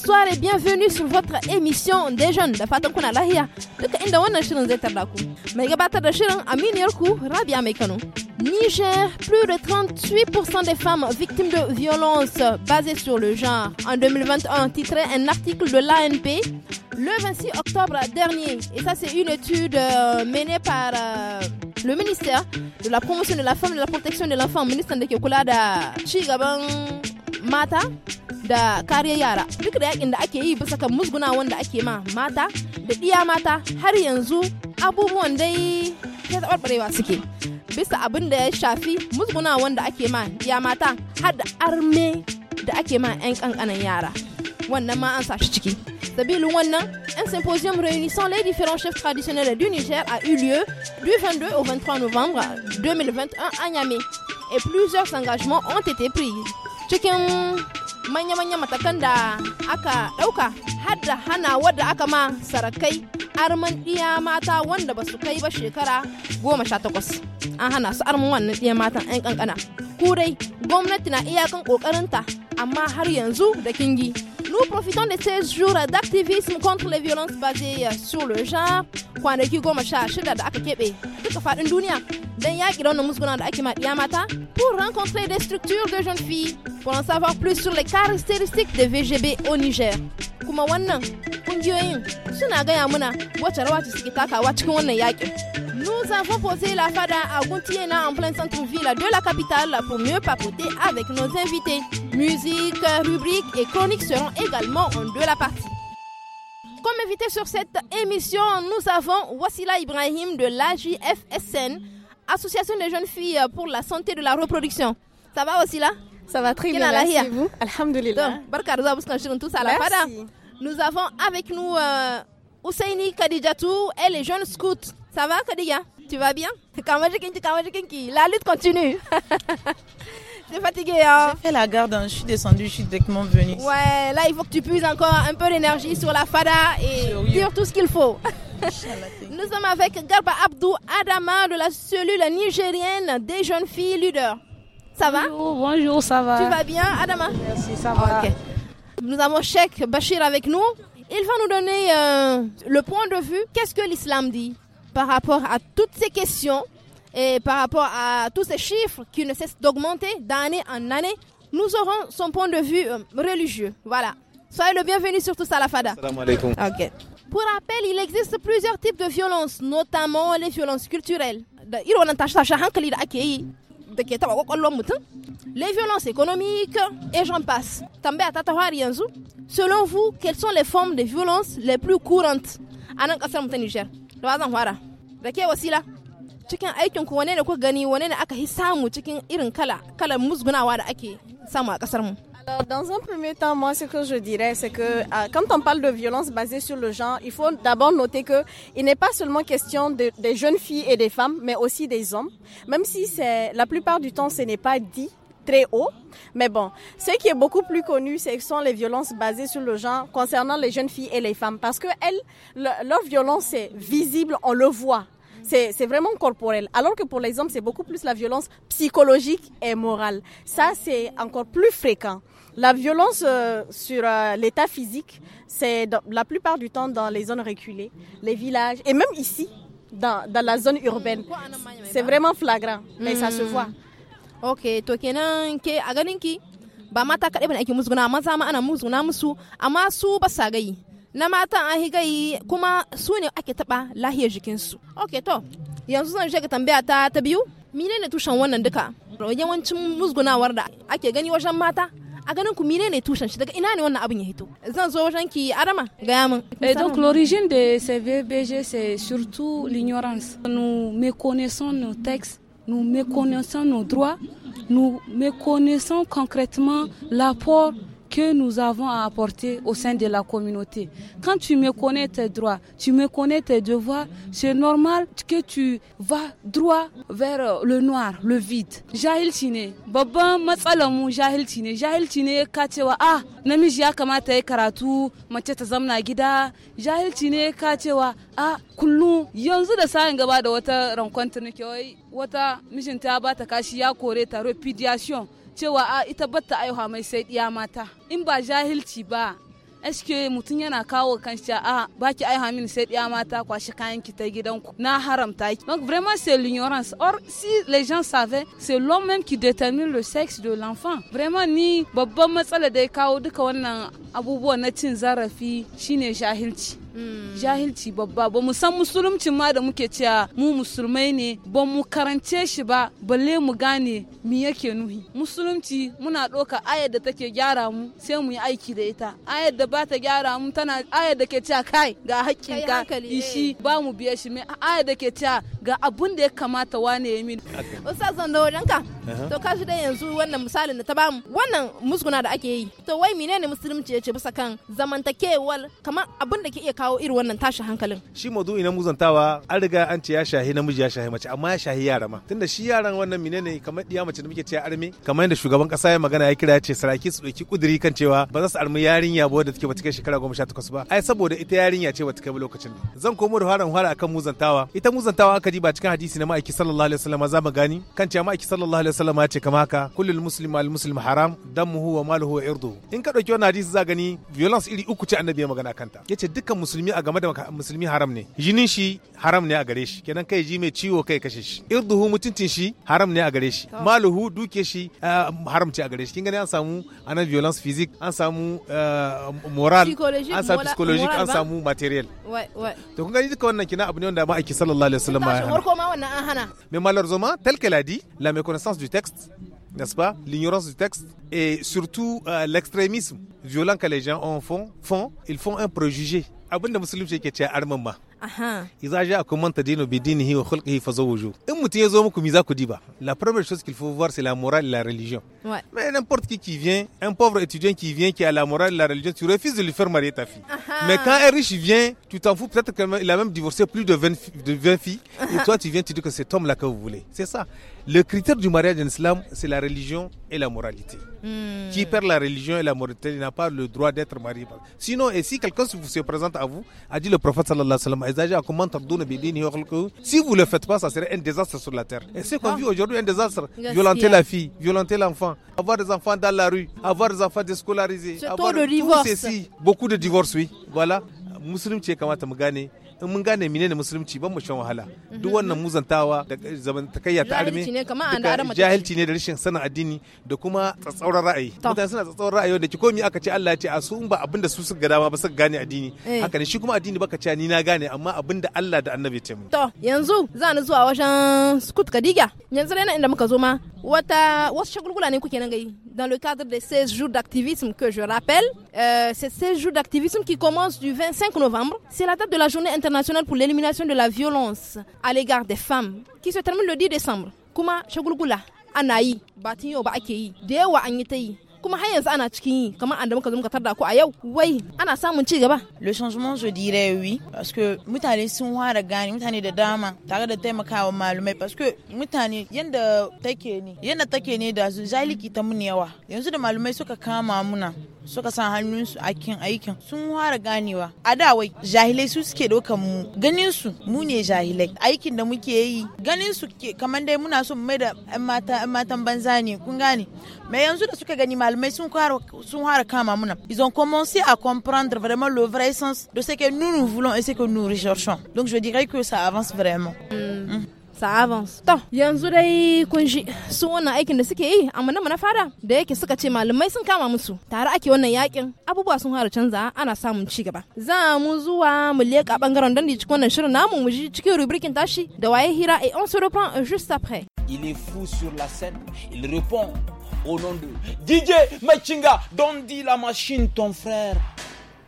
bonsoir et bienvenue sur votre émission des jeunes Niger, plus de 38% des femmes victimes de violences basées sur le genre. En 2021, titré un article de l'ANP le 26 octobre dernier. Et ça, c'est une étude euh, menée par euh, le ministère de la promotion de la femme et de la protection de l'enfant, ministre de Kyokulada Chigaban Mata da kariyar yara duk da yakin da ake yi bisa kan musguna wanda ake ma mata da ɗiya mata har yanzu abubuwan dai ya taɓarɓarewa suke bisa abin da ya shafi musguna wanda ake ma ɗiya mata har da arme da ake ma 'yan ƙanƙanan yara wannan ma an sa shi ciki Sabilou Wannan, un symposium réunissant les différents chefs traditionnels du Niger a eu lieu du 22 au 23 novembre 2021 à Niamey et plusieurs engagements ont été pris. Chicken manya-manyan matakan da aka ɗauka har da hana wadda aka ma sarakai arman ɗiya mata wanda ba su kai ba shekara goma sha takwas an hana su arman wannan ɗiya matan 'yan kankana kurai gwamnati na iyakan ƙoƙarinta amma har yanzu da kingi Nous profitons de ces jours d'activisme contre les violences basées euh, sur le genre. pour rencontrer des structures de jeunes filles pour en savoir plus sur les caractéristiques des VGB au Niger. Nous avons posé la fada à Guntiena en plein centre-ville de la capitale pour mieux papoter avec nos invités. Musique, rubrique et chronique seront également en de la partie. Comme invité sur cette émission, nous avons Wassila Ibrahim de l'AJFSN, Association des jeunes filles pour la santé de la reproduction. Ça va Wassila Ça va très bien, merci vous. Alhamdulillah. Nous avons avec nous euh, Ousseini et les jeunes scouts. Ça va, Kodiga Tu vas bien La lutte continue. T'es fatigué, hein J'ai fait la garde, hein. je suis descendue, je suis directement venue. Ouais, là, il faut que tu puises encore un peu d'énergie sur la fada et dire tout ce qu'il faut. Nous sommes avec Garba Abdou Adama de la cellule nigérienne des jeunes filles ludeurs. Ça va bonjour, ça va. Tu vas bien, Adama Merci, ça va. Nous avons Sheikh Bachir avec nous. Il va nous donner euh, le point de vue. Qu'est-ce que l'islam dit par rapport à toutes ces questions et par rapport à tous ces chiffres qui ne cessent d'augmenter d'année en année, nous aurons son point de vue euh, religieux. Voilà. Soyez le bienvenu sur tout Salafada. Pour rappel, il existe plusieurs types de violences, notamment les violences culturelles. Les violences économiques et j'en passe. Selon vous, quelles sont les formes de violences les plus courantes à Niger alors, dans un premier temps, moi, ce que je dirais, c'est que euh, quand on parle de violence basée sur le genre, il faut d'abord noter que il n'est pas seulement question des jeunes filles et des femmes, mais aussi des hommes. Même si c'est la plupart du temps, ce n'est pas dit très haut. Mais bon, ce qui est beaucoup plus connu, ce sont les violences basées sur le genre concernant les jeunes filles et les femmes. Parce que elles, leur violence est visible, on le voit. C'est vraiment corporel. Alors que pour les hommes, c'est beaucoup plus la violence psychologique et morale. Ça, c'est encore plus fréquent. La violence euh, sur euh, l'état physique, c'est la plupart du temps dans les zones reculées, les villages, et même ici, dans, dans la zone urbaine. C'est vraiment flagrant, mais ça se hmm. voit. ok to kenan ke a ganin ki ba mata kaɗai bane ake musguna za ma ana musguna musu amma su ba sa gayi na matan an gai kuma su ne ake taɓa lahiyar jikinsu ok to yanzu zan shiga tambaya ta ta biyu mine ne tushen wannan duka yawancin musgunawar da ake gani wajen mata a ganin ku mine ne tushen shi daga ina ne wannan abin ya hito zan zo wajen ki arama gaya min eh donc l'origine de ces VBG c'est surtout l'ignorance nous méconnaissons nos textes nous méconnaissons nos droits, nous méconnaissons concrètement l'apport que nous avons à apporter au sein de la communauté. Quand tu me connais tes droits, tu me connais tes devoirs, c'est normal que tu vas droit vers le noir, le vide. Jahil Tine, babban matsalamu jahil Tine, jahil Tine ka cewa ah namiji ya kamata e karatu, mace ta zamna gida. Jahil Tine ka ah kulu yanzu da sangaba gaba da wata wata mijinta ba ta kashi ya kore ta repudiation cewa a ita batta aihuwa mai sai ɗiya mata in ba jahilci ba eske mutum yana kawo kan shi a baki aihuwa min sai diya mata kwashi kayan ki ta gidanku na haramta ki donc vraiment c'est l'ignorance or si les gens savaient c'est l'homme même qui détermine le sexe de l'enfant vraiment ni babban matsala da ya kawo duka wannan abubuwan na cin zarafi shine jahilci Mm. jahilci babba ba mu san musulunci ma da muke cewa mu musulmai ne ba mu karance shi ba balle mu gane mi yake nuhi musulunci muna ɗauka ayar da take gyara mu sai mu yi aiki da ita ayar da ba ta gyara mu tana ayar da ke cewa kai ga hakkin ka shi eh. ba mu biya shi mai ayar da ke cewa ga abun da ya kamata wane ya mini ustaz zan da ka to ka shi da yanzu wannan misalin da ta bamu wannan musguna da ake yi to wai menene musulunci ya ce bisa kan zamantakewar kamar abun da ke iya kawo kawo irin wannan tashi hankalin shi maudu'i na muzantawa an riga an ce ya shahi namiji ya shahi mace amma ya shahi yara ma tunda shi yaran wannan menene kamar diya mace da muke cewa arme kamar yadda shugaban kasa ya magana ya kira ya ce saraki su dauki kuduri kan cewa ba za su armi yarinya ba wadda take bata shekara goma sha takwas ba ai saboda ita yarinya ce bata kai ba lokacin zan komo da haran hara akan muzantawa ita muzantawa aka ji ba cikin hadisi na ma'aiki sallallahu alaihi wasallam za mu gani kan cewa ma'aiki sallallahu alaihi wasallam ya ce kamar haka kullul muslim al muslim haram damuhu wa maluhu wa irduhu in ka dauki wannan hadisi za gani violence iri uku ce annabi ya magana kanta yace dukkan musulmi a game da musulmi haram ne jinin shi haram ne a gare shi kenan kai ji mai ciwo kai kashe shi irduhu mutuncin shi haram ne a gare shi maluhu duke shi eh, haram ce a gare shi kin gani an samu anan violence physique an samu eh, moral an samu psychologique an samu material to kun gani duka wannan kina abu ne wanda ma aiki sallallahu alaihi wasallam hana mais malheureusement tel qu'elle a dit la méconnaissance du texte n'est-ce pas L'ignorance du texte et surtout euh, l'extrémisme violent que les gens en font, font, ils font un préjugé abinda musulunci ke ce arman ma la première chose qu'il faut voir c'est la morale et la religion mais n'importe qui qui vient un pauvre étudiant qui vient qui a la morale et la religion tu refuses de lui faire marier ta fille mais quand un riche vient tu t'en fous peut-être qu'il a même divorcé plus de 20, filles et toi tu viens tu dis que cet homme là que vous voulez c'est ça le critère du mariage en islam c'est la religion et la moralité hmm. qui perd la religion et la moralité n'a pas le droit d'être marié sinon et si quelqu'un se présente à vous a dit le prophète sallallahu alayhi wa sallam à comment Si vous ne le faites pas, ça serait un désastre sur la terre. Et ce qu'on ah. vit aujourd'hui, un désastre. Hein. Violenter la fille, violenter l'enfant, avoir des enfants dans la rue, avoir des enfants déscolarisés, avoir Beaucoup de divorces, oui. Voilà. Muslim, in mun gane menene musulunci ban mu shan wahala duk wannan muzantawa da zamantakayya ta arme jahilci ne da rashin sanin addini da kuma tsatsauran ra'ayi mutane suna tsatsauran ra'ayi da ki komi aka ce Allah ya ce a su in ba abin da su suka gada dama ba suka gane addini eh. haka ne shi kuma addini baka ce ni na gane amma abin da Allah da annabi ya ce to yanzu za ni zuwa wajen Scott Kadiga yanzu dai inda muka zo ma wata wasu shagulgula ne kuke nan gai dans le cadre de 16 jours d'activisme que je rappelle euh, c'est 16 jours d'activisme qui commence du 25 novembre c'est la date de la journée International pour l'élimination de la violence à l'égard des femmes qui se termine le 10 décembre. le changement je dirais oui parce que suka san hannunsu a kin aikin sun fara ganewa a da wai jahilai su suke ɗaukan mu ganin su mu ne jahilai aikin da muke yi ganin su kamar dai muna so mai da yan mata yan matan banza ne kun gane mai yanzu da suka gani malamai sun fara sun fara kama muna ils ont commencé à comprendre vraiment le vrai sens de ce que nous nous voulons et ce que nous recherchons donc je dirais que ça avance vraiment mm. Mm ça avance to yanzu dai kun shi su wannan aikin da suke yi amma na fara da yake suka ce malamai sun kama musu tare ake wannan yakin abubuwa sun fara canza ana samun ci gaba za mu zuwa mu leka bangaren dandi cikin wannan shirin namu mu ji cikin rubrikin tashi da waye hira et on se reprend juste après il est fou sur la scène il répond au nom de DJ Machinga Dondi la machine ton frère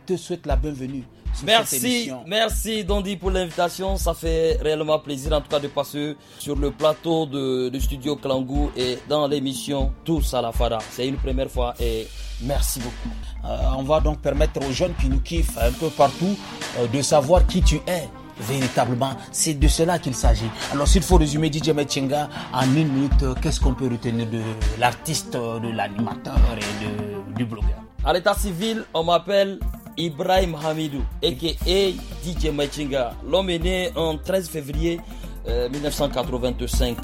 te souhaite la bienvenue Merci, merci Dondi pour l'invitation. Ça fait réellement plaisir en tout cas de passer sur le plateau de, Studio Klangou et dans l'émission Tous à la Fara. C'est une première fois et merci beaucoup. Euh, on va donc permettre aux jeunes qui nous kiffent un peu partout euh, de savoir qui tu es véritablement. C'est de cela qu'il s'agit. Alors, s'il faut résumer DJ Metchenga en une minute, euh, qu'est-ce qu'on peut retenir de l'artiste, de l'animateur et du blogueur À l'état civil, on m'appelle Ibrahim Hamidou, a.k.a. DJ Machinga. L'homme est né en 13 février 1985.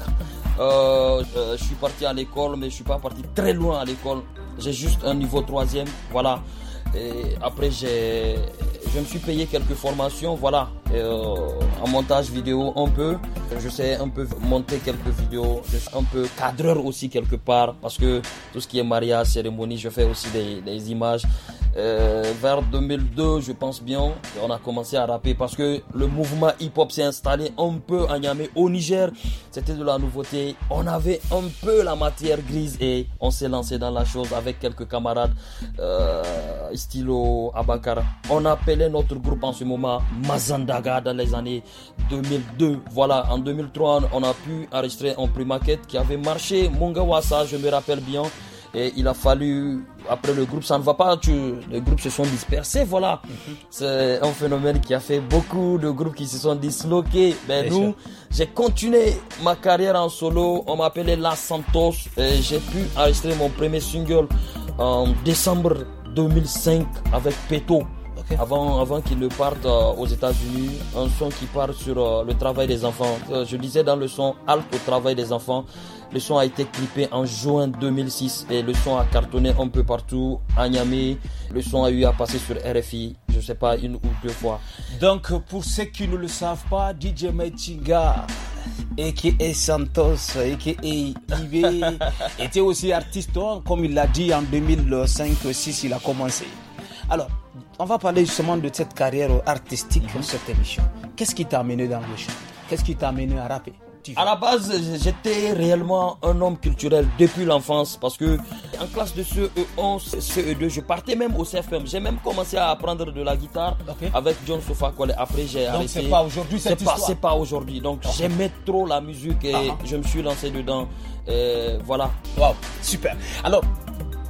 Euh, euh, euh, je suis parti à l'école, mais je suis pas parti très loin à l'école. J'ai juste un niveau troisième, voilà. après, je me suis payé quelques formations, voilà, en montage vidéo un peu. Je sais un peu monter quelques vidéos. Je un peu cadreur aussi quelque part, parce que tout ce qui est mariage, cérémonie, je fais aussi des images. Euh, vers 2002, je pense bien, on a commencé à rapper parce que le mouvement hip-hop s'est installé un peu à Niamey, au Niger. C'était de la nouveauté. On avait un peu la matière grise et on s'est lancé dans la chose avec quelques camarades, euh, Stylo, Abakara. On appelait notre groupe en ce moment Mazandaga dans les années 2002. Voilà, en 2003, on a pu enregistrer un prix maquette qui avait marché. Mungawasa, je me rappelle bien. Et il a fallu, après le groupe, ça ne va pas, tu, les groupes se sont dispersés, voilà. C'est un phénomène qui a fait beaucoup de groupes qui se sont disloqués. Mais nous, j'ai continué ma carrière en solo, on m'appelait La Santos, et j'ai pu enregistrer mon premier single en décembre 2005 avec Peto avant, avant qu'il ne parte euh, aux États-Unis. Un son qui parle sur euh, le travail des enfants. Euh, je disais dans le son Alpes au travail des enfants. Le son a été clippé en juin 2006 et le son a cartonné un peu partout, à Niamey. Le son a eu à passer sur RFI, je ne sais pas, une ou deux fois. Donc, pour ceux qui ne le savent pas, DJ Metinga, a.k.a. Santos, a.k.a. Ibe, était aussi artiste, hein, comme il l'a dit en 2005-2006, il a commencé. Alors, on va parler justement de cette carrière artistique dans mhm. cette émission. Qu'est-ce qui t'a amené dans le chant Qu'est-ce qui t'a amené à rapper à la base, j'étais réellement un homme culturel depuis l'enfance parce que en classe de ce 1 e CE2, e je partais même au CFM. J'ai même commencé à apprendre de la guitare avec John Sofa Après, j'ai arrêté. c'est pas aujourd'hui cette histoire. C'est pas aujourd'hui. Donc, j'aimais trop la musique et ah ah. je me suis lancé dedans. Euh, voilà. Waouh super. Alors,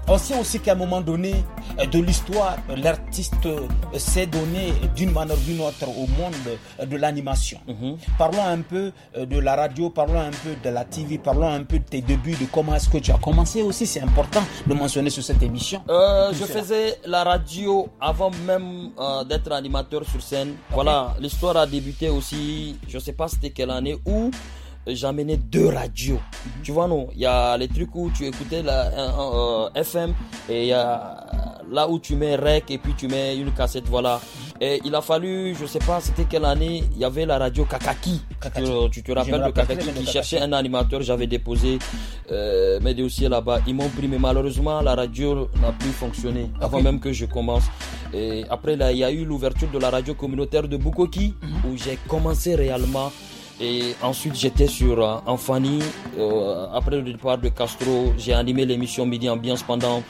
on sait aussi qu'à un moment donné euh, de l'histoire, l'artiste euh, s'est donné d'une manière ou d'une autre au monde euh, de l'animation. Mhm. Parlons un peu de la radio, parlons un peu de la TV, parlons un peu de tes débuts, de comment est-ce que tu as commencé aussi. C'est important de mentionner sur cette émission. je faisais la radio avant même d'être animateur sur scène. Voilà, l'histoire a débuté aussi, je ne sais pas c'était quelle année, où... Ou j'amenais deux radios. Mhm. Tu vois, non, il y a les trucs où tu écoutais la euh, FM et il y a là où tu mets rec et puis tu mets une cassette, voilà. Mhm. Et il a fallu, je sais pas, c'était quelle année, il y avait la radio Kakaki. Tu, te rappelles de Kakaki qui cherchait un animateur, j'avais déposé euh, mes dossiers là-bas. Ils m'ont pris, mais malheureusement, la radio n'a plus fonctionné ah avant même que je commence. Et après, là, il y a eu l'ouverture de la radio communautaire de Bukoki mhm. où j'ai commencé réellement et ensuite, j'étais sur euh, euh, après le départ de Castro, j'ai animé l'émission Midi Ambiance pendant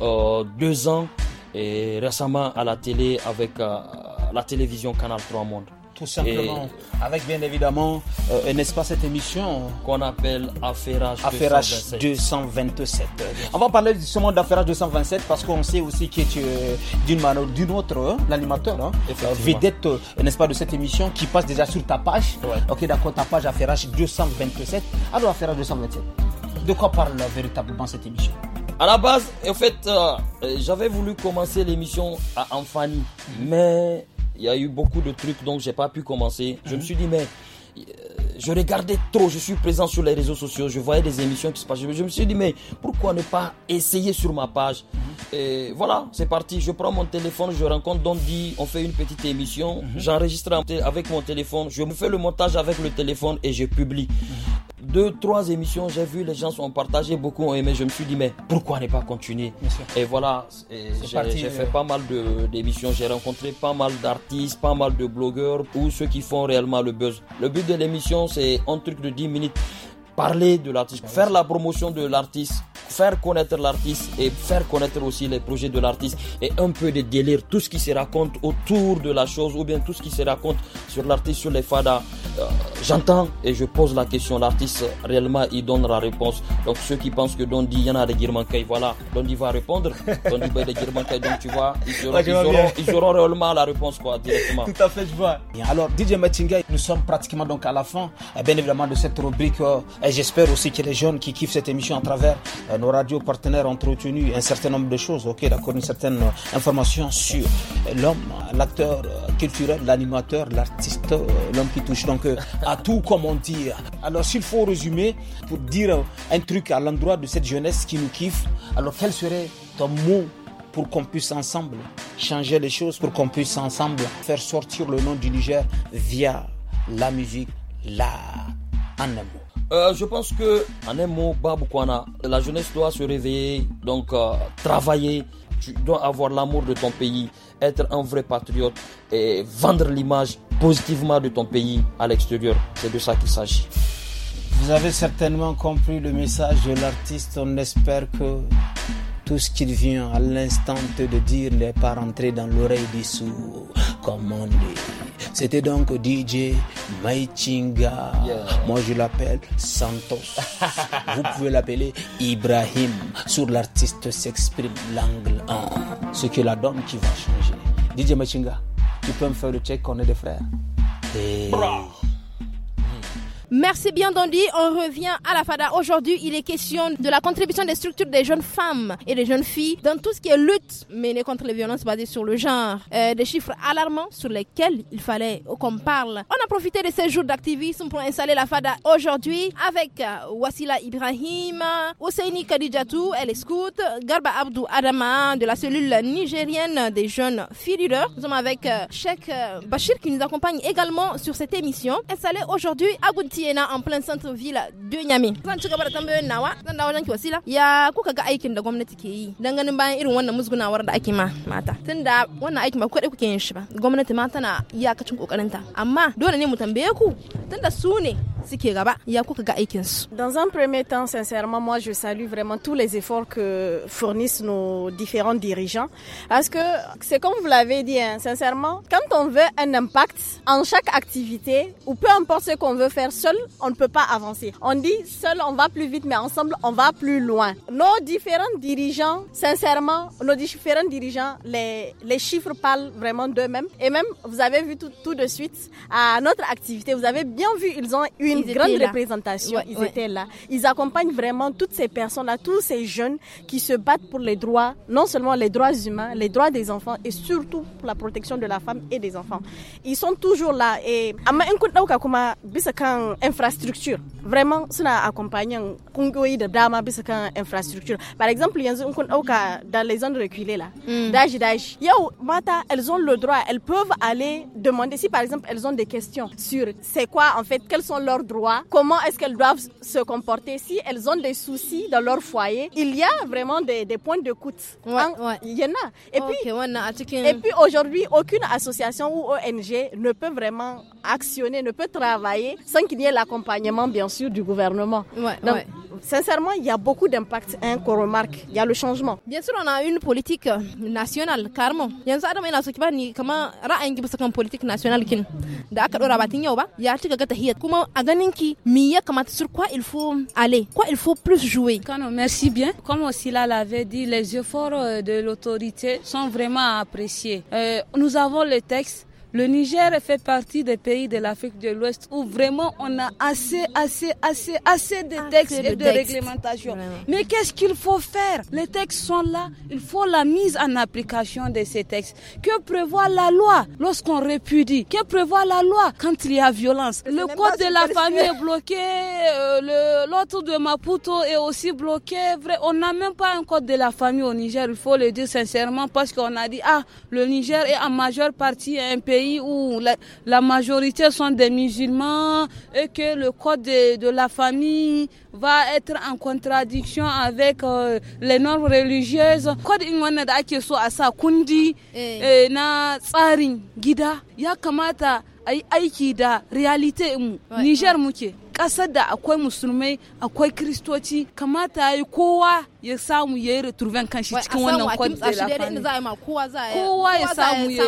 euh, deux ans. Et récemment à la télé avec euh, la télévision Canal 3 Monde. Tout simplement. avec bien évidemment, euh, n'est-ce pas, cette émission qu'on appelle Affairage, 227. On va parler justement d'Affairage 227 parce qu'on sait aussi que tu d'une manière ou d'une autre l'animateur, hein, vedette, euh, n'est-ce pas, de cette émission qui passe déjà sur ta page. Ok, d'accord, ta page Affairage 227. Alors, Affairage 227, de quoi parle véritablement cette émission à la base, en fait, euh, j'avais voulu commencer l'émission à famille, mais il y a eu beaucoup de trucs, donc j'ai pas pu commencer. Je me suis dit, mais euh, je regardais trop, je suis présent sur les réseaux sociaux, je voyais des émissions qui se passaient. Je me suis dit, mais pourquoi ne pas essayer sur ma page Et voilà, c'est parti. Je prends mon téléphone, je rencontre Dondi, on fait une petite émission, mhm. j'enregistre avec mon téléphone, je me fais le montage avec le téléphone et je publie deux, trois émissions, j'ai vu, les gens sont partagés, beaucoup ont aimé. Je me suis dit, mais pourquoi ne pas continuer Et voilà, j'ai fait euh, pas mal d'émissions, j'ai rencontré pas mal d'artistes, pas mal de blogueurs ou ceux qui font réellement le buzz. Le but de l'émission, c'est un truc de 10 minutes, parler de l'artiste, faire la promotion de l'artiste faire connaître l'artiste et faire connaître aussi les projets de l'artiste et un peu de délire, tout ce qui se raconte autour de la chose ou bien tout ce qui se raconte sur l'artiste, sur les fadas. Euh, j'entends et je pose la question. L'artiste réellement il donne la réponse. Donc ceux qui pensent que Dondi, il y en a des Girmankai, voilà, Dondi va répondre. Dondi va des Girmankai, donc tu vois, ils auront, réellement la réponse quoi, directement. Tout à fait, je vois. alors DJ Matinga, nous sommes pratiquement donc à la fin, euh, bien évidemment de cette rubrique. Euh, et j'espère aussi que les jeunes qui kiffent cette émission à travers euh, nos radios partenaires ont retenu un certain nombre de choses, ok, d'accord, une certaine euh, information sur l'homme, l'acteur euh, culturel, l'animateur, l'artiste, l'homme qui touche donc à tout, comme on dit. Alors, s'il faut résumer pour dire un truc à l'endroit de cette jeunesse qui nous kiffe, alors quel serait ton mot pour qu'on puisse ensemble changer les choses, pour qu'on puisse ensemble faire sortir le nom du Niger via la musique, l'art, en amour. Euh, je pense que, en un mot, Baboukwana, la jeunesse doit se réveiller, donc euh, travailler. Tu dois avoir l'amour de ton pays, être un vrai patriote et vendre l'image positivement de ton pays à l'extérieur. C'est de ça qu'il s'agit. Vous avez certainement compris le message de l'artiste. On espère que tout ce qu'il vient à l'instant de dire n'est pas rentré dans l'oreille des sous. comme on dit. C'était donc DJ Maichinga. Moi, je l'appelle Santos. Vous pouvez l'appeler Ibrahim. Sur l'artiste s'exprime l'angle en. Ce que la donne qui va changer. DJ Maichinga, tu peux me faire le check qu'on est des frères. Merci bien Dandy. On revient à la FADA. Aujourd'hui, il est question de la contribution des structures des jeunes femmes et des jeunes filles dans tout ce qui est lutte menée contre les violences basées sur le genre. Euh, des chiffres alarmants sur lesquels il fallait qu'on parle. On a profité de ces jours d'activisme pour installer la FADA aujourd'hui avec euh, Wassila Ibrahim, Oseini Kadidjatou, elle est scout, Garba Abdou Adama de la cellule nigérienne des jeunes filles leur Nous sommes avec Sheikh euh, Bachir qui nous accompagne également sur cette émission. Installé aujourd'hui à Gouti. yana an plan centre ville de Niamey zan ci gaba da tambayoyin nawa zan dawo ki wasila ya kuka ga aikin da gwamnati ke yi dan ganin bayan irin wannan musgunawar da ake ma mata tunda wannan aikin ba kuɗi kuke yin shi ba gwamnati ma tana iyakacin kokarinta amma dole ne mu tambaye ku tunda su ne dans un premier temps sincèrement moi je salue vraiment tous les efforts que fournissent nos différents dirigeants parce que c'est comme vous l'avez dit hein, sincèrement quand on veut un impact en chaque activité ou peu importe ce qu'on veut faire seul on ne peut pas avancer on dit seul on va plus vite mais ensemble on va plus loin nos différents dirigeants sincèrement nos différents dirigeants les les chiffres parlent vraiment d'eux-mêmes et même vous avez vu tout, tout de suite à notre activité vous avez bien vu ils ont eu une grande représentation. ils étaient là. Ils accompagnent vraiment toutes ces personnes-là, tous ces jeunes qui se battent pour les droits, non seulement les droits humains, les droits des enfants et surtout pour la protection de la femme et des enfants. Ils sont toujours là et infrastructure, vraiment cela accompagne un da dama bisa infrastructure. Par exemple, dans les zones reculées là, hmm. mata, elles ont le droit, elles peuvent aller demander si par exemple elles ont des questions sur c'est quoi en fait, quels sont leurs droits, comment est-ce qu'elles doivent se comporter si elles ont des soucis dans leur foyer. Il y a vraiment des, points de hein. Ouais, Il y en a. Et puis, puis aujourd'hui, aucune association ou ONG ne peut vraiment actionner, ne peut travailler sans qu'il y ait l'accompagnement, bien sûr, du gouvernement. Sincèrement, il y a beaucoup d'impact hein, qu'on remarque. Il y a le changement. Bien sûr, on a une politique euh, nationale, carrément. Il y a so ki bani kamar ra'ayin ki bisa kan politik politique kin da aka dora batin yau ba ya a un article mi ya sur quoi il faut aller quoi il faut plus jouer Kano merci bien comme aussi là l'avait dit les efforts euh, de l'autorité sont vraiment appréciés euh, nous avons le texte le Niger fait partie des pays de l'Afrique de l'Ouest où vraiment on a assez, assez, assez, assez de textes et de, réglementations. Mais qu'est-ce qu'il faut faire Les textes sont là, il faut la mise en application de ces textes. Que prévoit la loi lorsqu'on répudie Que prévoit la loi quand il y a violence Le code de la famille est bloqué, euh, le l'autre de Maputo est aussi bloqué. Vrai, on n'a même pas un code de la famille au Niger, il faut le dire sincèrement, parce qu'on a dit, ah, le Niger est en majeure partie un pays où la, majorité sont des musulmans et que le code de, la famille va être en contradiction avec euh, les normes religieuses. Code de la eh. eh, na gida a yi aiki da realite mu Niger muke kasar da akwai musulmai akwai kristoci kamata ya yi kowa ya samu ya yi returven kanshi cikin wannan kwanci kowa ya samu ya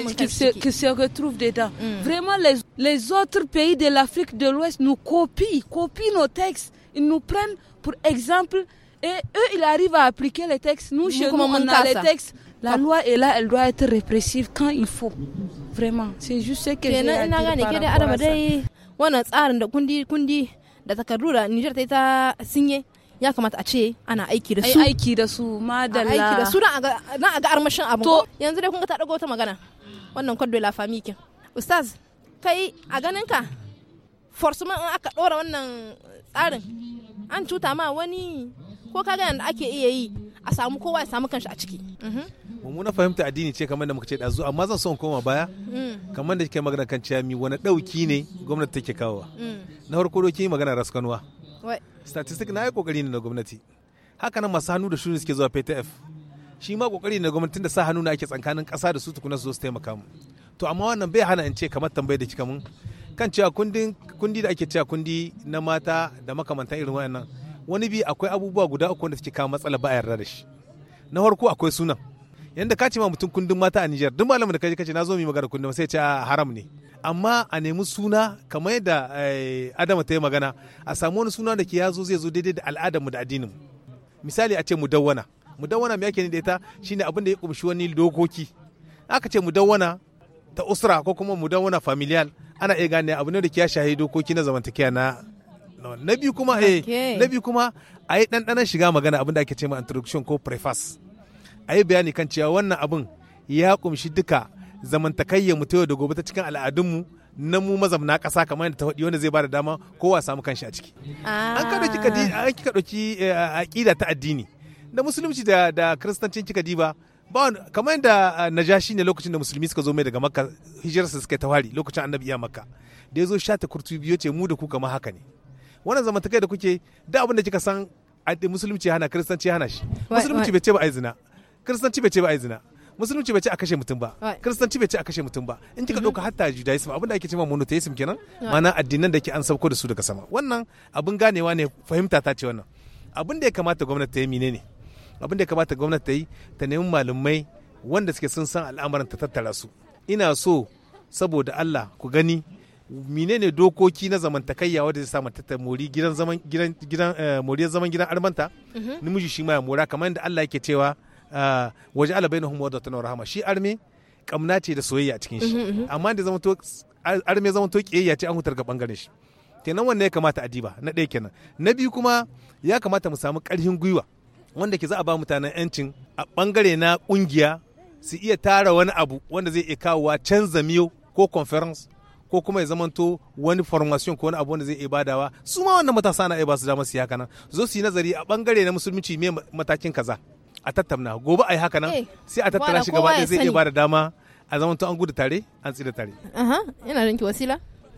qui se retrouve dedans mm. vraiment les, autres pays de l'Afrique de l'Ouest nous copient copient nos textes ils nous prennent pour exemple et eux ils arrivent à appliquer les textes nous chez nous on a les textes la loi est là elle doit être répressive quand il faut vraiment c'est juste ce que kenan ina gane ke da adama dai wannan tsarin da kundi kundi da takardu da Niger ta ta sinye ya kamata a ce ana aiki da su aiki da su madalla aiki da su na a ga armashin abu yanzu dai kun ga ta dago ta magana wannan kwadwe la famille ustaz kai a ganin ka forcement in aka dora wannan tsarin an cuta ma wani ko kaga yanda ake iya yi a samu kowa ya samu kanshi a ciki mhm. mummuna fahimta addini ce kamar da muka ce ɗazu amma zan son koma baya mm. kamar da kike magana kan mi wani ɗauki ne gwamnati take kawowa mm. na farko doki magana raskanuwa statistic na yi kokari ne na gwamnati haka nan masu hannu da shuni suke zuwa ptf shi ma kokari ne na gwamnati da sa hannu na ake tsakanin ƙasa da su tukuna su su taimaka mu to amma wannan bai hana in ce kamar tambayar da kika mun kan cewa kundi da ake cewa kundi na mata da makamantan irin wayannan wani bi akwai abubuwa guda uku wanda suke kawo matsala ba a yarda da shi na farko akwai sunan yanda ka ce ma mutum kundin mata a Nijar duk malamin da kaje kace na zo mu yi magana kundin sai ce ah, haram ne amma a nemi suna kamar yadda eh, Adama ta yi magana a samu wani suna da ke yazo zai zo daidai da al'adar mu da addinin mu misali a ce mudawwana mudawwana me yake ne da ita shine abin da ya kumshi wani dokoki aka ce mudawwana ta usra ko kuma mudawwana familial ana iya gane abu ne da ke ya shahi dokoki na zamantakewa na na biyu kuma eh na biyu kuma a yi ɗanɗanon shiga magana abin da ake ce ma introduction ko preface a yi bayani kan cewa wannan abin ya kumshi duka zamantakayya mu ta yau da gobe ta cikin al'adunmu na mu mazamna ƙasa kamar yadda ta faɗi wanda zai bada dama kowa samu kanshi a ciki. An ka ɗauki ah. eh, aƙida ta addini da musulunci da da kiristancin kika diba ba kamar yadda ah, najashi ne lokacin da musulmi suka zo mai daga makka su suka ta wari lokacin annabi iya makka da ya zo sha ta kurtu biyo ce mu da ku kamar haka ne wannan zamantakai da kuke da abin da kika san musulunci hana kiristanci hana shi musulunci bai ce ba ai zina kiristanci bai ce ba ai zina musulunci bai ce a kashe mutum ba kiristanci bai ce a kashe mutum ba in kika dauka mhm. hatta judaism abin da ake cewa monotheism kenan ma'ana addinan da ke an sauko da su daga sama wannan abin ganewa ne fahimta ta ce wannan abin da ya kamata gwamnati ta yi menene abin da ya kamata gwamnati ta yi ta nemi malumai wanda suke sun san al'amuran ta tattara su ina so saboda Allah ku gani menene dokoki na zamantakayya wanda zai samu tattara mori gidan zaman gidan gidan eh, moriyar zaman gidan armanta mhm. namiji shi ma ya mora kamar yadda Allah yake cewa Ah, waje ala bai nahun wadda rahama shi arme kamna ce da soyayya cikin shi mhm, mhm. amma da zama to arme zama to kiyayya ce an hutar ga bangaren shi kenan wannan ya kamata a diba na ɗaya kenan na biyu kuma ya kamata mu samu ƙarfin gwiwa wanda ke za a ba mutanen yancin a bangare na kungiya su iya tara wani abu wanda zai iya kawowa canza miyo ko conference ko kuma ya zamanto wani formation ko wani abu wanda zai iya badawa su ma wannan matasa na iya ba su dama su haka zo su yi nazari a bangare na musulunci mai matakin kaza a tattauna gobe a yi haka nan eh, sai a tattara shi gaba zai iya ba da dama a zaman an gudu tare an tsira tare. ina rinki wasila?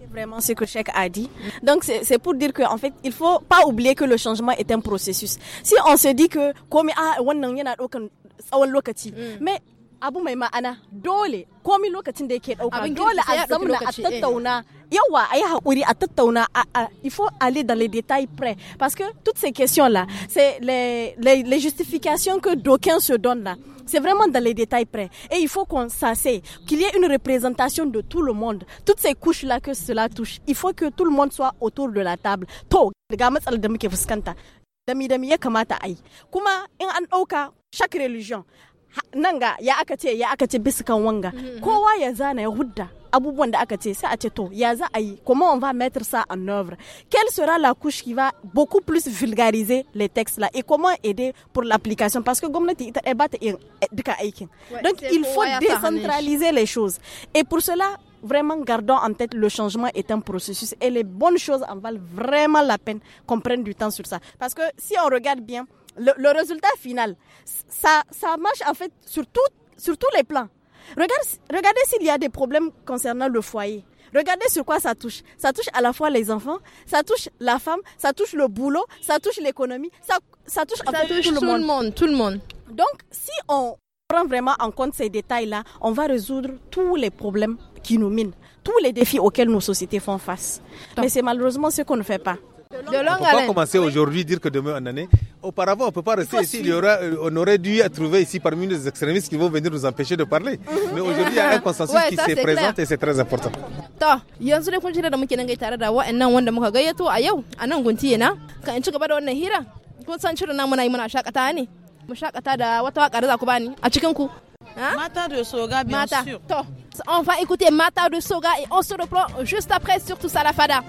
Vraiment, ce que Cheikh a dit. Donc, c'est pour dire qu'en fait, il faut pas oublier que le changement est un processus. Si on se dit que, comme, ah, wannan yana ɗaukan tsawon lokaci, mm. mais abu mai ma'ana dole, komi lokacin da yake ɗauka, dole a zamna a eh. tattauna il faut aller dans les détails près parce que toutes ces questions là c'est les, justifications que d'aucuns se donnent là c'est vraiment dans les détails près. Et il faut qu'on s'asseye, qu'il y ait une représentation de tout le monde. Toutes ces couches-là que cela touche, il faut que tout le monde soit autour de la table. chaque religion, ya da a comment on va mettre ça en œuvre quelle sera la couche qui va beaucoup plus vulgariser les textes là et comment aider pour l'application parce que eh, donc il faut décentraliser les choses et pour cela vraiment gardons en tête le changement est un processus et les bonnes choses en valent vraiment la peine qu'on prenne du temps sur ça parce que si on regarde bien le, résultat final ça ça marche en fait sur tout, sur tous les plans regardez s'il y a des problèmes concernant le foyer. Regardez sur quoi ça touche. Ça touche à la fois les enfants, ça touche la femme, ça touche le boulot, ça touche l'économie, ça, ça touche, ça tout, le, monde. Tout le monde. Donc, si on prend vraiment en compte ces détails-là, on va résoudre tous les problèmes qui nous minent, tous les défis auxquels nos sociétés font face. Mais c'est malheureusement ce qu'on ne fait pas. De on ne peut pas commencer aujourd'hui dire que demain en année. Auparavant, on ne peut pas rester ici. Il y aura, euh, on aurait dû trouver ici parmi nous des extrémistes qui vont venir nous empêcher de parler. Mais aujourd'hui, il y a un consensus ouais, qui se présente clair. et c'est très important. To, yanzu dai kun shirya da muke nan gai tare da wa'annan wanda muka gayyato a yau a nan guntiye na. Ka in ci gaba da wannan hira. Kun san shirin namu na yi muna shakata ne. Mu shakata da wata waƙa da za ku bani a cikin ku. Mata de Soga, bien sûr. To. On va écouter Mata de Soga et on se reprend juste après sur tout ça la fada.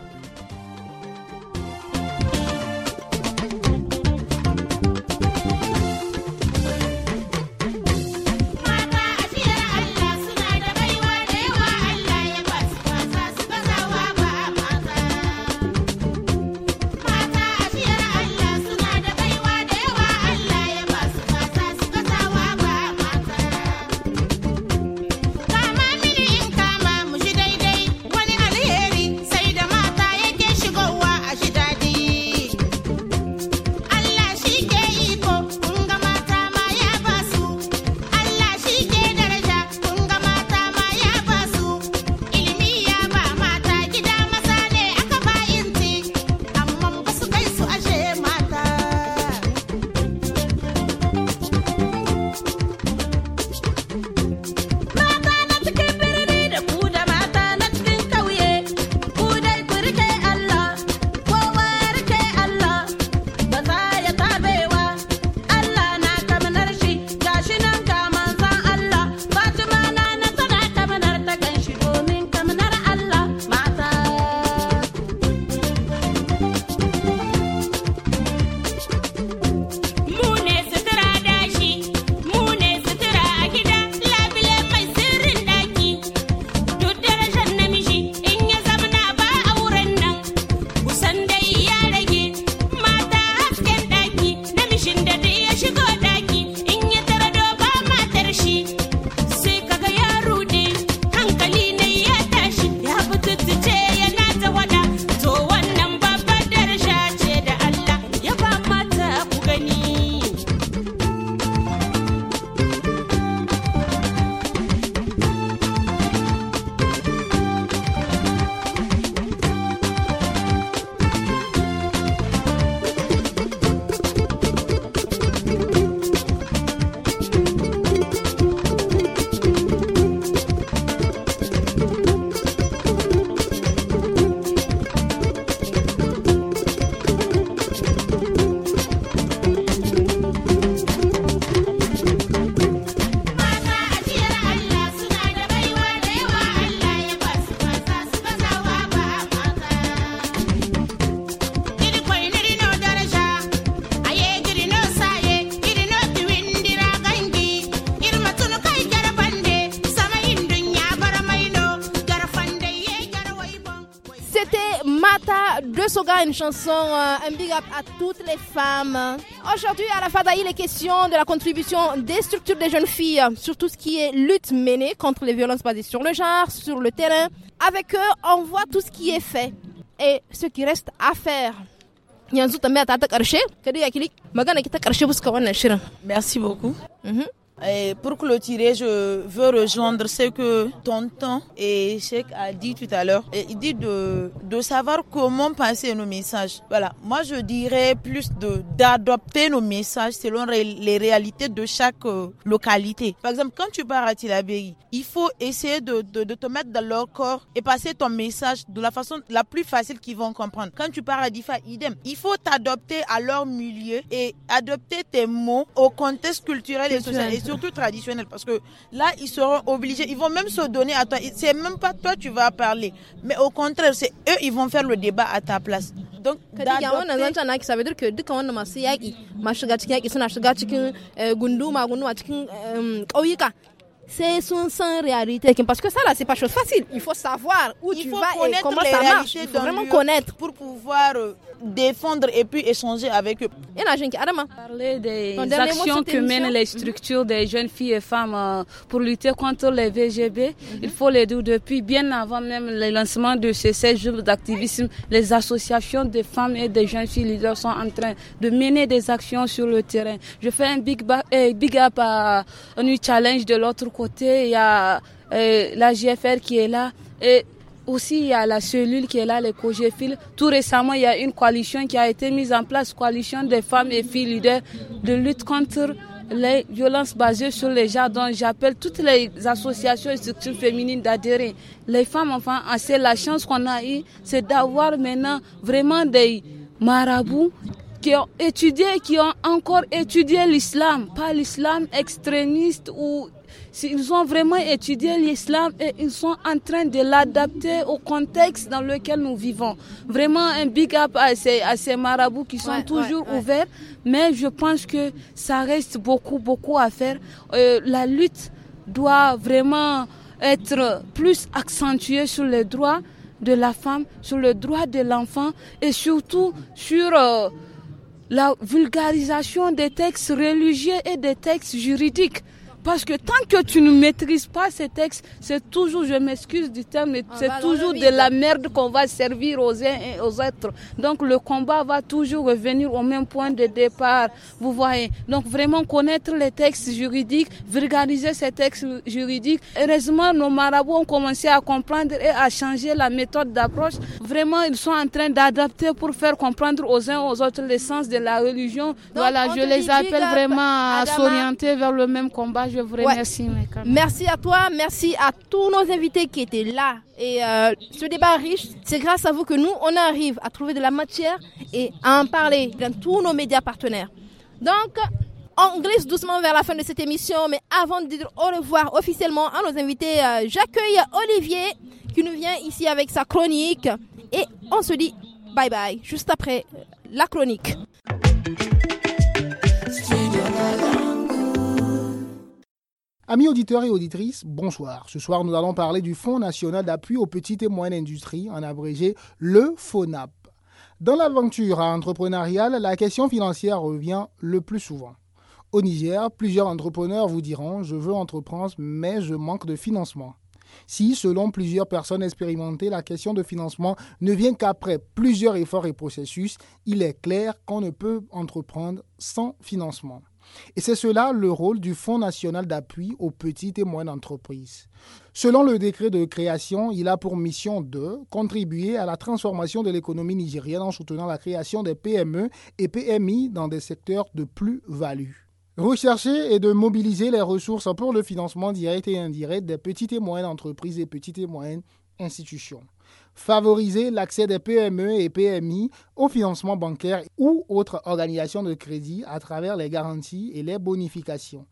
Une chanson, euh, un big up à toutes les femmes. Aujourd'hui, à la d'ailleurs, il est question de la contribution des structures des jeunes filles sur tout ce qui est lutte menée contre les violences basées sur le genre, sur le terrain. Avec eux, on voit tout ce qui est fait et ce qui reste à faire. Merci beaucoup. Mhm. Et pour clôturer, je veux rejoindre ce que Tonton et Cheikh a dit tout à l'heure. Il dit de, de savoir comment passer nos messages. Voilà. Moi, je dirais plus de d'adopter nos messages selon les réalités de chaque euh, localité. Par exemple, quand tu pars à Tilabéry, il faut essayer de, de, te mettre dans leur corps et passer ton message de la façon la plus facile qu'ils vont comprendre. Quand tu pars à Difa, idem. Il faut t'adopter à leur milieu et adopter tes mots au contexte culturel et social surtout traditionnelle, parce que là, ils seront obligés, ils vont même se donner à toi. C'est même pas toi tu vas parler, mais au contraire, c'est eux, ils vont faire le débat à ta place. Donc, ça veut dire que c'est son réalité. Parce que ça, là, c'est pas chose facile. Il faut savoir où tu vas vraiment connaître. Pour pouvoir euh, défendre et puis échanger avec eux. Parler des actions que mènent les structures des jeunes filles et femmes euh, pour lutter contre les VGB, mhm. il faut les dire depuis bien avant même le lancement de ces 16 jours d'activisme, les associations des femmes et des jeunes filles leaders sont en train de mener des actions sur le terrain. Je fais un big, eh, up à New challenge de l'autre côté, il y a eh, la GFR qui est là et aussi, il y a la cellule qui est là, les cogéfiles. Tout récemment, il y a une coalition qui a été mise en place, coalition des femmes et filles leaders de lutte contre les violences basées sur les gens, dont j'appelle toutes les associations et structures féminines d'adhérer. Les femmes, enfin, ah, c'est la chance qu'on a eue, c'est d'avoir maintenant vraiment des marabouts qui ont étudié, qui ont encore étudié l'islam, pas l'islam extrémiste ou ils ont vraiment étudié l'islam et ils sont en train de l'adapter au contexte dans lequel nous vivons. Vraiment un big up à ces, marabouts qui sont toujours ouverts, mais je pense que ça reste beaucoup, beaucoup à faire. Euh, la lutte doit vraiment être plus accentuée sur les droits de la femme, sur le droit de l'enfant et surtout sur euh, la vulgarisation des textes religieux et des textes juridiques. Parce que tant que tu ne maîtrises pas ces textes, c'est toujours, je m'excuse du terme, ah, c'est toujours de la merde qu'on va servir aux uns et aux autres. Donc le combat va toujours revenir au même point de départ, vous voyez. Donc vraiment connaître les textes juridiques, vulgariser ces textes juridiques. Heureusement, nos marabouts ont commencé à comprendre et à changer la méthode d'approche. Vraiment, ils sont en train d'adapter pour faire comprendre aux uns et aux autres sens de la religion. voilà, je les appelle vraiment à s'orienter vers le même combat merci à toi, merci à tous nos invités qui étaient là. Et euh, ce débat riche, c'est grâce à vous que nous, on arrive à trouver de la matière et à en parler dans tous nos médias partenaires. Donc, on glisse doucement vers la fin de cette émission, mais avant de dire au revoir officiellement à nos invités, euh, j'accueille Olivier qui nous vient ici avec sa chronique et on se dit bye bye juste après euh, la chronique. Amis auditeurs et auditrices, bonsoir. Ce soir, nous allons parler du Fonds national d'appui aux petites et moyennes industries, en abrégé le FONAP. Dans l'aventure entrepreneuriale, la question financière revient le plus souvent. Au Niger, plusieurs entrepreneurs vous diront Je veux entreprendre, mais je manque de financement. Si, selon plusieurs personnes expérimentées, la question de financement ne vient qu'après plusieurs efforts et processus, il est clair qu'on ne peut entreprendre sans financement. Et c'est cela le rôle du Fonds national d'appui aux petites et moyennes entreprises. Selon le décret de création, il a pour mission de contribuer à la transformation de l'économie nigérienne en soutenant la création des PME et PMI dans des secteurs de plus-value. Rechercher et de mobiliser les ressources pour le financement direct et indirect des petites et moyennes entreprises et petites et moyennes institutions favoriser l'accès des PME et PMI au financement bancaire ou autres organisations de crédit à travers les garanties et les bonifications.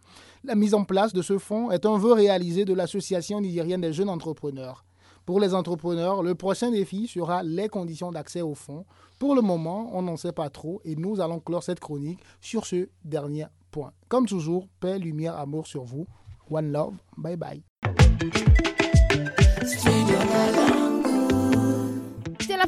La mise en place de ce fonds est un vœu réalisé de l'Association nigérienne des jeunes entrepreneurs. Pour les entrepreneurs, le prochain défi sera les conditions d'accès au fonds. Pour le moment, on n'en sait pas trop et nous allons clore cette chronique sur ce dernier point. Comme toujours, paix, lumière, amour sur vous. One love. Bye bye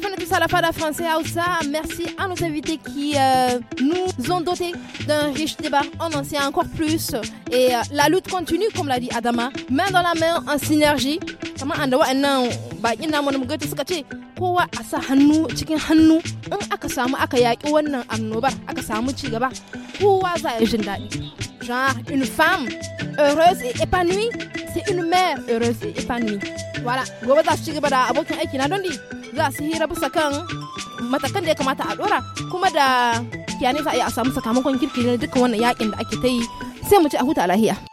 la fin de tout ça, la fin de la français ça Merci à nos invités qui euh, nous ont dotés d'un riche débat. On en sait encore plus. Et euh, la lutte continue, comme l'a dit Adama, main dans la main, en synergie. Comment on doit en Il kowa a sa hannu cikin hannu in aka samu aka yaƙi wannan annobar aka samu ci gaba kowa za a jin daɗi genre une femme heureuse et épanouie c'est une mère heureuse et épanouie voilà gobe za su ci gaba da abokin aiki na don di za su hira bisa kan matakan da ya kamata a dora kuma da kiyane za a yi a samu sakamakon kirki na dukkan wannan yakin da ake ta yi sai mu ci a huta lahiya